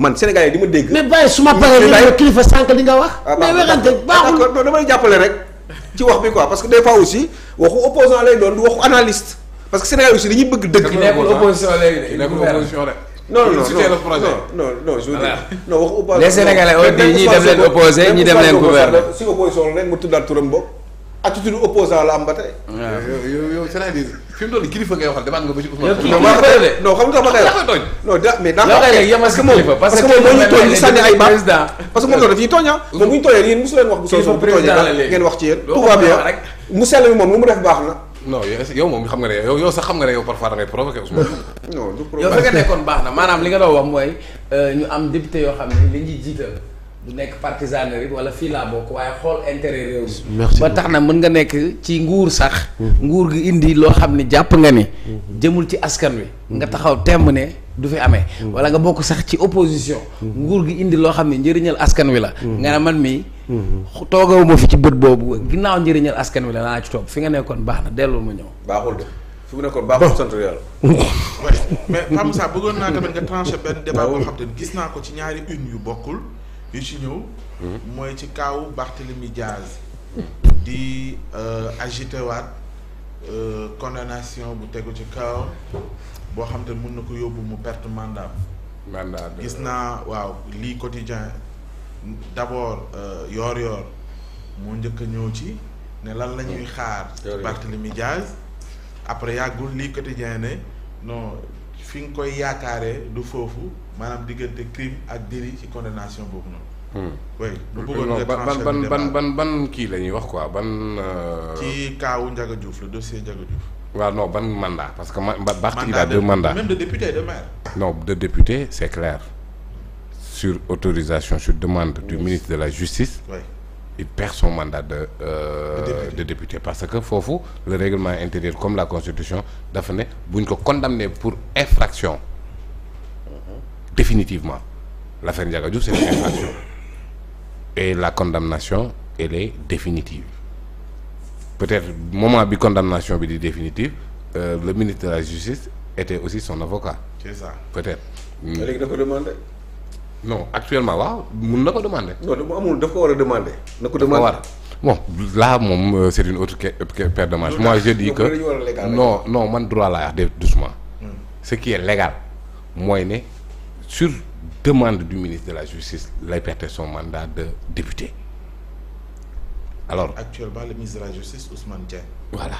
man sénégalais di ma dégg. mais bàyyi su ma paree rek kilifa sànq li nga wax. Ah, mais wérante baaxul d'accord damay jàppale rek ci wax bi quoi parce que des fois aussi waxu opposant lay doon du waxu analyste parce que sénégalais aussi dañuy bëgg dëgg. nekkul opposition léegi nekkul opposition rek. non non non ñi dem leen opposé ñi dem leen gouverner si opposition rek mu tuddaat turam bopp attitude opposant la am ba tey. yow yow c'est-à-dire fi kilifa ngay waxal demaat nga ba ci Ousmane. non xam nga tax ma na non yow moom xam nga ne yow sax xam nga ne yow parfois da ngay provoqué Ousmane. non du provoqué yow fi nekkoon baax na maanaam li nga doon wax mooy euh, ñu am député yoo xam ne li ñuy jiital du nekk partisanerie wala fii laa bokk waaye xool intérêt réew mi tax na mën nga nekk ci nguur sax mhm. nguur gi indi loo xam ne jàpp nga ni mhm. jëmul ci askan wi mhm. nga taxaw temb ne du fi amee wala nga bokk sax ci opposition nguur gi indi loo xam ne njëriñal askan wi la nga ne man mii toogawuma fi ci bët boobu ginnaaw njëriñal askan wi la naa ci toog fi nga nekkoon baax na dellul ma ñëw baaxul de fu mu nekkoon baaxul sant yàlla mais Pape Moussa bëggoon xam te gis naa ko ci ñaari une yu bokkul yu ci ñëw hmm? mooy ci kaawu mi Diaz hmm. di euh, agité waat euh, condamnation bu tegu ci kaw boo xam te mën na ko yóbbu mu perte mandat mandat gis naa waaw lii quotidien d'abord euh, yoor yoor moo njëkk a ñëw ci ne lan la ñuy hmm. xaar ci Barthélemy Diaz après yàggul lii quotidien ne non fi nga koy yaakaaree du foofu maanaam diggante crime ak délit ci condamnation boobu noonu. Hmm. oui lu bëggoon ban ban ban ban ban kii la ñuy wax quoi ban. Euh, ci kaawu Ndiaga Diouf le dossier Ndiaga Diouf. waaw non ban mandat parce que man Barth il a deux mandats même de député de maire. non de député c'est clair sur autorisation sur demande du ministre de la justice. oui. il perd son mandat de euh, député. parce que foofu le réglement intérieur comme la constitution dafa ne bu buñ ko condamné pour infraction mmh. définitivement l'affaire Ndiaga c'est infraction et la condamnation elle est définitive peut-être moment bi condamnation bi di définitive euh, le ministre de la justice était aussi son avocat peut-être non actuellement waaw mun na ko demander. non dama amul daf war a demander. na ko demander war moom euh, c'est une autre paire de manches. moi je dis que non non man droit laa wax de doucement. Hmm. ce qui est légal mooy ne sur demande du ministre de la justice lay perte son mandat de député alors. actuellement le ministre de la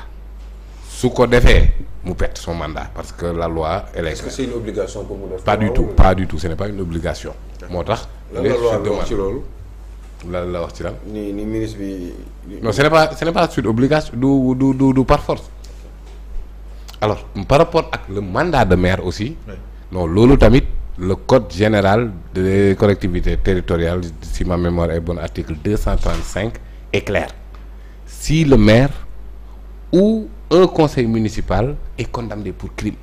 su ko defee mu perte son mandat parce que la loi e est. Est-ce que c'est une obligation pour mu def. pas du tout pas du tout ce n'est pas une obligation. moo tax. lan la wax ci loolu la la wax ci la ni ministre bi. non ce n'est pas ce n'est pas suite obligation du du du du par force. alors par rapport ak le mandat de maire aussi. non loolu tamit le code général des collectivités territoriales si ma mémoire est bonne article 235 est clair si le maire ou un conseil municipal est condamné pour crime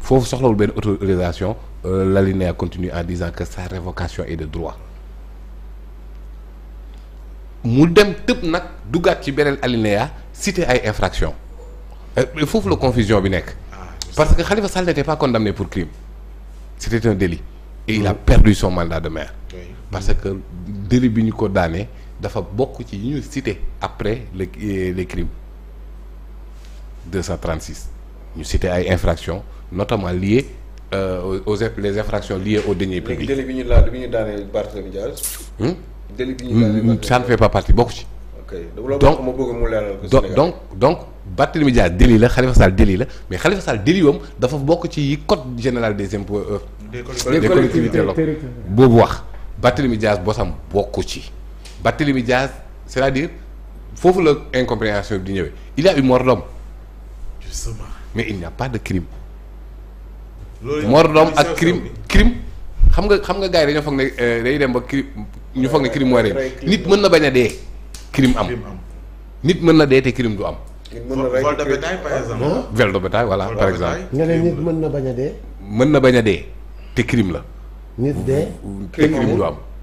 foofu soxlawul benn autorisation. Euh, l'alinéa continue en disant que sa révocation est de droit mu dem tëb nag duggaat ci beneen alinéa cité ay infraction euh, foofu la confusion bi nekk ah, parce que Khalifa Sall n'était pas condamné pour crime c'était un délit et il la perdu son mandat de maire parce que délit bi ñu ko daanee dafa bokk ci ñu cité après les euh, les crimes 236 ñu cité ay infractions notamment liées euh, aux les infractions liées aux deniers publics. léegi laal bi ñu daaneel Barthélémy Dias. Hmm? délit bi ñu daaneel hmm, hmm, fait pas partie bokku ci. ok donc ma bëgg mu leeral ko donc donc donc Barthélémy Dias délit la Khalifa Sall délit la mais Khalifa Sall délit wam dafa bokk ci code général des impôts. Euh, des collectivités boobu wax. Barthélémy Dias bosam bokk ci. Barthélémy Dias c'est-à-dire foofu la incompréhension bi di ñëwee il y a eu mort mais il n'y pas de crime. mort d'homme ak crime crime xam nga xam nga gars yi dañoo foog ne eh, day dem ba crime ñu foog ne crime moo nit mën na bañ a dee crime am nit mën na dee te crime du am vol de bétail par exemple vol nit mën na bañ a mën na bañ a dee te crime la nit dee te crime du am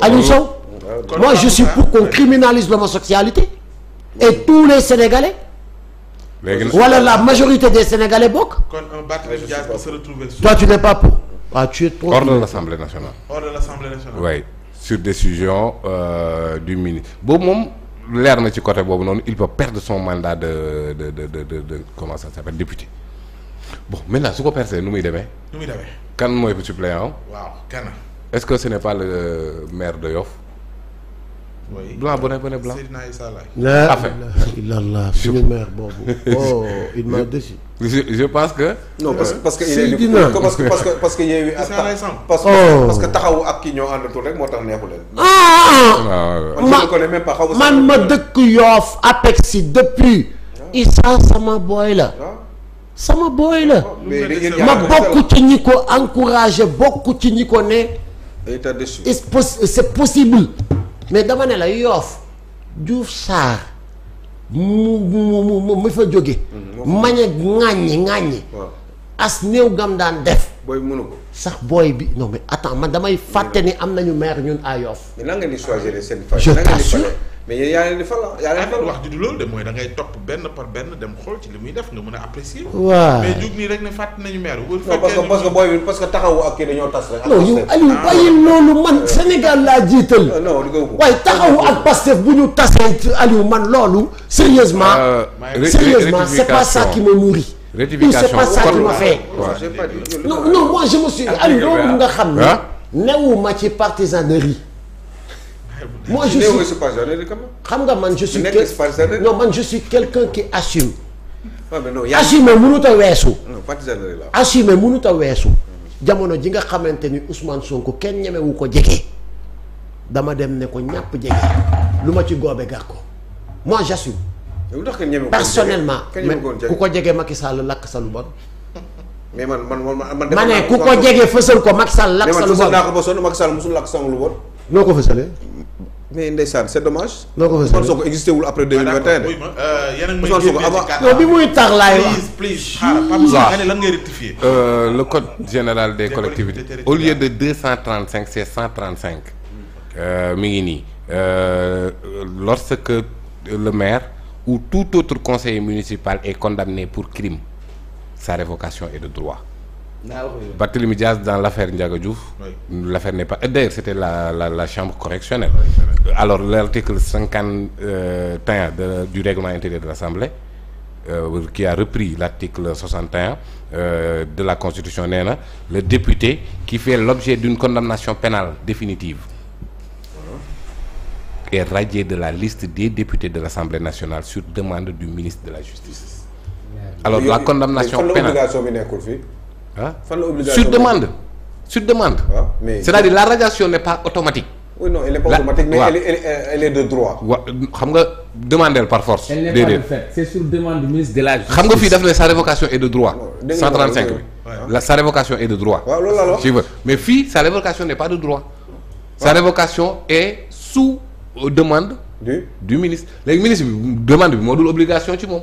Aliou Sow moi je suis pour qu'on criminalise l'homosexualité et tous les Sénégalais wala la majorité des Sénégalais bokk toi tu n'es pas pour ah tu es trop hors de l'Assemblée nationale hors de l'Assemblée nationale oui sur décision euh, du ministre boobu moom leer na ci côté boobu noonu il peut perdre son mandat de de de de de, de comment ça s'appelle député bon maintenant nu muy demee muy demee kan mooy suppléant waaw est-ce que ce n'est pas le maire de Yoff. blanc bonnet bonnet blanc. Seydina Issa ah, boobu. oh il m'a déçu. je je pense que. non parce que parce que. Seydina parce taxawu ak ki ñoo àndatul rek moo tax neexu ah, ah, man ma dëkk Yoff APEXI depuis. Issa sama booy la. sama booy la. ma bokk ci ñi ko encouragé bokk ci ñi ko ne. état pos c'est possible mais dama ne la yoof Diouf Sarr mu mu mu mu fa jóge mm-hmm. mañ a ŋàññi ŋàññi as néew gam daan def booy mënu sax booy bi non mais attends man damay fàtte ni am nañu maire ñun à yoof mais nan nga ni choisir seen je t'assure mais yéen yaa ah, loolu mooy da ngay topp benn par benn dem xool ci muy def nga a apprécier. waaw mais jug nii rek ne parce que parce que booy bi parce que ah, euh, waaye taxawu ak Pastef bu ñu tasee Aliou man loolu. sérieusement euh, sérieusement c'est pas ça qui me nourrit. rectification c'est pas ça qui m'a fait. non non moi je me suis ah, Aliou loolu nga xam ne. newuma ci partisanerie. moi je suis xam nga man je suis non man je suis quelqu'un qui assume assumer mënut a weesu assumer mënut a weesu jamono ji nga xamante ni Ousmane Sonko kenn ñemewu ko jege dama dem ne ko ñàpp jege lu ma ci goobe gàr ko moi j'assume personnellement ku ko jege Macky Sall lakk sa lu bon mais man man man. ma ne ku ko jege fësal ko Macky lakk sa lu bon mais man fësal naa ko ba sonn Macky Sall ko fësalee mais ndeysaan c'est dommage. noo ko fa Sonko existé wul après 2021 ah, de. Euh, Ousmane Sonko avant bi muy tax laay wax. please please lan ngay rectifier. Euh, le code général des collectivités au lieu de 235 c'est 135. Hmm, euh, mi ngi nii lorsque le maire ou tout autre conseiller municipal est condamné pour crime sa révocation est de droit. Barthélémy Diaz dans l'affaire Ndiaga Diouf l'affaire n'est pas d'ailleurs c'était la la la chambre correctionnelle alors l'article cinquante et un euh, de du règlement intérieur de l'Assemblée euh, qui a repris l'article 61 euh, de la Constitution nee na le député qui fait l'objet d'une condamnation pénale définitive est radié de la liste des députés de l'Assemblée nationale sur demande du ministre de la Justice alors la condamnation pénale ah fan la demande sur demande. Ah, mais c'est-à-dire la radiation n'est pas automatique. oui non elle est pas xam nga demandeel par force. déedéet elle n'est de fait la xam nga fii daf ne sa révocation est de droit. dégg 135 bi la sa révocation est de droit. waaw loolu mais fii sa révocation n'est pas de droit. sa révocation est sous euh, demande. du du ministre léegi ministre bi demande bi moo dul obligation ci moom.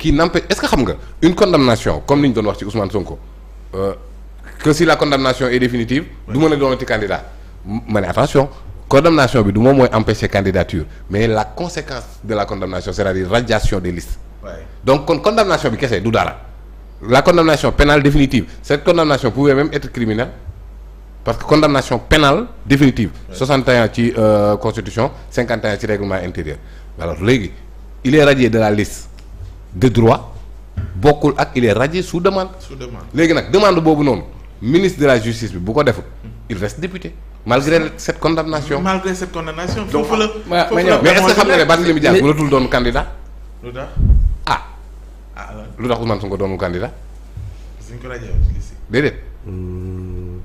qui n'empêche est-ce que xam nga une condamnation comme li ñu doon wax ci Ousmane Sonko euh, que si la condamnation est définitive du mën a doonati candidat ma ne attention condamnation bi du moom mooy empêcher candidature mais la conséquence de la condamnation c'est-à-dire radiation des listes donc kon condamnation bi kese du dara la condamnation pénale définitive cette condamnation pouvait même être criminelle parce que condamnation pénale définitive 61 ci euh, constitution 51 ci règlement intérieur alors léegi il est de la liste de droit bokkul ak il est radié sous demande. sous léegi nag demande boobu noonu ministre de la justice bi bu ko deful il reste député. malgré cette condamnation malgré cette condamnation. foofu la foofu la doon candidat. lu tax ah. ah lu tax Ousmane Sonko doonul candidat.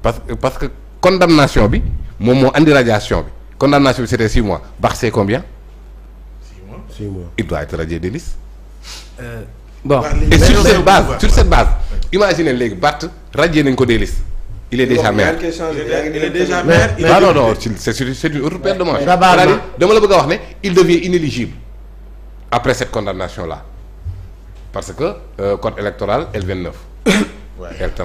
parce que parce que bi moom moo indi radiation bi condamnation bi c'était six mois Barth c'est combien. six mois il doit être radié bon et sur cette base sur cette base imaginez léegi Barth radié nañ ko des listes il est déjà maire il est déjà maire non non c'est c'est une autre paire de manches la bëgg a wax ne il devient inéligible après cette condamnation là parce que euh, code électoral L29 L30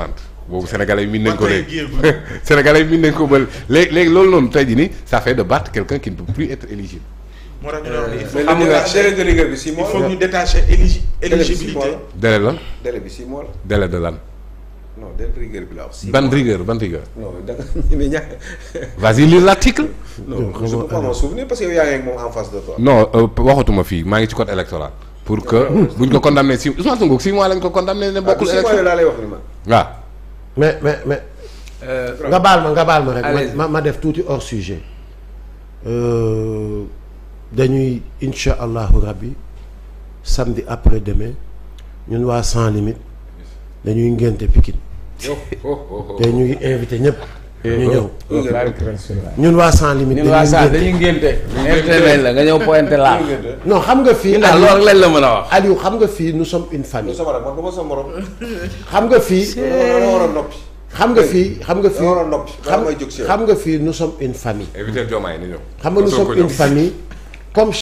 boobu sénégalais yi miin nañ ko léegi sénégalais yi miin nañ ko ba léegi léegi loolu noonu tey jii nii ça fait de Barth quelqu'un qui ne peut plus être éligible moo tax ñu doon wax il faut euh, xam nga délai de rigueur bi six mois il lan bi la délai de lan non ban rigueur ban rigueur non da nga ñeme ñàkk vas-y lire l'article non que yow euh, waxatuma fii maa ngi ci code électoral pour que bu ñu ko condamné si Ousmane Sonko lañ ko condamné ne ah, bokkul élection laa lay wax ni ma ah. mais mais mais euh, nga baal ma nga baal ma rek ma ma def tuuti hors sujet dañuy incha allahu rabbi samedi après demain ñun waa sans limite dañuy ngénte Pikine te ñu ngi invité ñëpp ñu ñëw ñun waa sans limite dañuy ngénte invité lañ la nga ñëw pointé la non xam nga fii daal loolu lañ la mën a wax Aliou xam nga fii nous sommes une famille xam nga fii xam nga fii xam nga fii xam nga fii nu sommes une famille xam nga nous sommes une famille comme